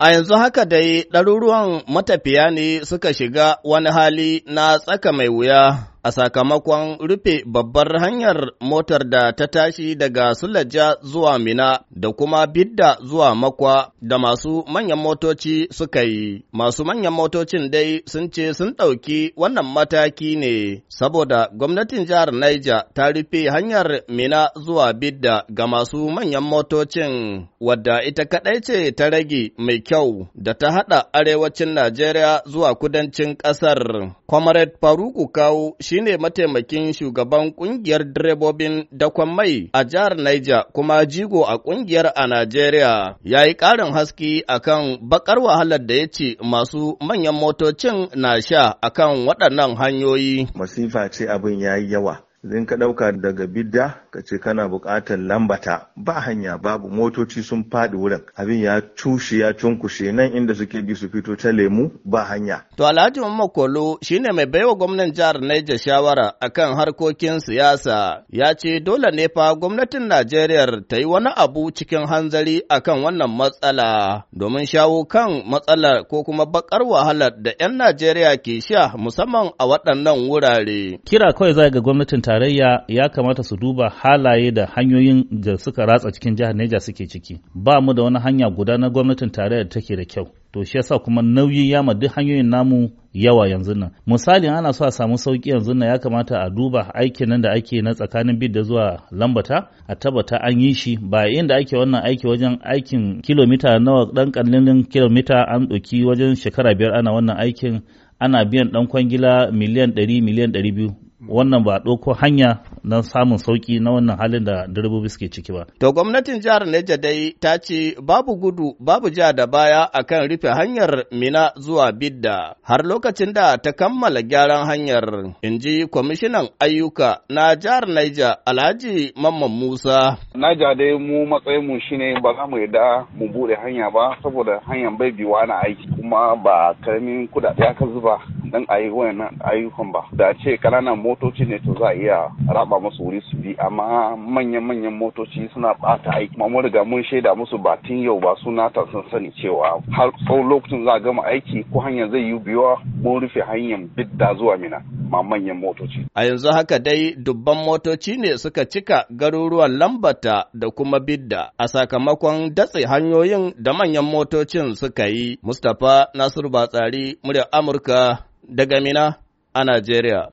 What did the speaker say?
A yanzu haka dai ɗaruruwan matafiya ne suka shiga wani hali na tsaka mai wuya a sakamakon rufe babbar hanyar motar da ta tashi daga Sulaja zuwa Mina da kuma Bidda zuwa Makwa da masu manyan motoci suka yi. Masu manyan motocin dai sun ce sun ɗauki wannan mataki ne saboda gwamnatin jihar Niger ta rufe hanyar Mina zuwa Bidda ga masu manyan motocin wadda ita kaɗai ce ta rage mai kyau da ta haɗa arewacin Najeriya zuwa kudancin ƙasar. Comrade Faruku Kawo shine mataimakin shugaban kungiyar direbobin dakon mai a jihar Niger kuma jigo a kungiyar a Najeriya Yayi yi ƙarin haske akan bakar wahalar da ya ce masu manyan motocin na sha akan waɗannan hanyoyi. Masifa ce abin ya yi yawa. zin ka ɗauka daga bidda ka ce kana buƙatar lambata ba hanya babu motoci sun faɗi wurin abin ya cushe ya cunkushe nan inda suke bi su fito ta lemu ba hanya. To Alhaji Umar Kolo shine mai baiwa gwamnan jihar Niger shawara akan harkokin siyasa ya ce dole ne fa gwamnatin Najeriya ta yi wani abu cikin hanzari akan wannan matsala domin shawo kan matsalar ko kuma bakar wahalar da 'yan Najeriya ke sha musamman a waɗannan wurare. Kira kawai za ga gwamnatin tarayya ya kamata su duba halaye da hanyoyin da suka ratsa cikin jihar Neja suke ciki. Ba mu da wani hanya guda na gwamnatin tarayya da take da kyau. To shi yasa kuma nauyi ya ma duk hanyoyin namu yawa yanzu nan. Misali ana so a samu sauki yanzu nan ya kamata a duba aikin nan da ake na tsakanin bid da zuwa lambata a tabbata an yi shi ba inda ake wannan aiki wajen aikin kilomita nawa dan kallin kilomita an ɗauki wajen shekara biyar ana wannan aikin ana biyan dan kwangila miliyan 100 miliyan 200 wannan ba ɗauko hanya na samun sauƙi na wannan halin da direbobi suke ciki ba. To gwamnatin jihar Neja dai ta ce babu gudu babu ja da baya akan rufe hanyar Mina zuwa Bidda har lokacin da ta kammala gyaran hanyar in ji kwamishinan ayyuka na jihar Neja Alhaji Mamman Musa. Naja dai mu matsayin mu shine ba za mu yarda mu bude hanya ba saboda hanyar bai biwa na aiki kuma ba karamin kudade aka zuba dan a yi wayannan ayyukan ba da ce kananan motoci ne to za a iya raba musu wuri su bi amma manyan-manyan motoci suna bata aiki amma mun riga mun shaida musu ba tun yau ba suna ta sun sani cewa har tsawon lokacin za a gama aiki ko hanyar zai yi biyuwa mun rufe hanyar bidda zuwa mina ma manyan motoci. A yanzu haka dai dubban motoci ne suka cika garuruwan lambata da kuma bidda a sakamakon datse hanyoyin da manyan motocin suka yi. Mustapha Nasiru Batsari, murya Amurka daga Mina a Najeriya.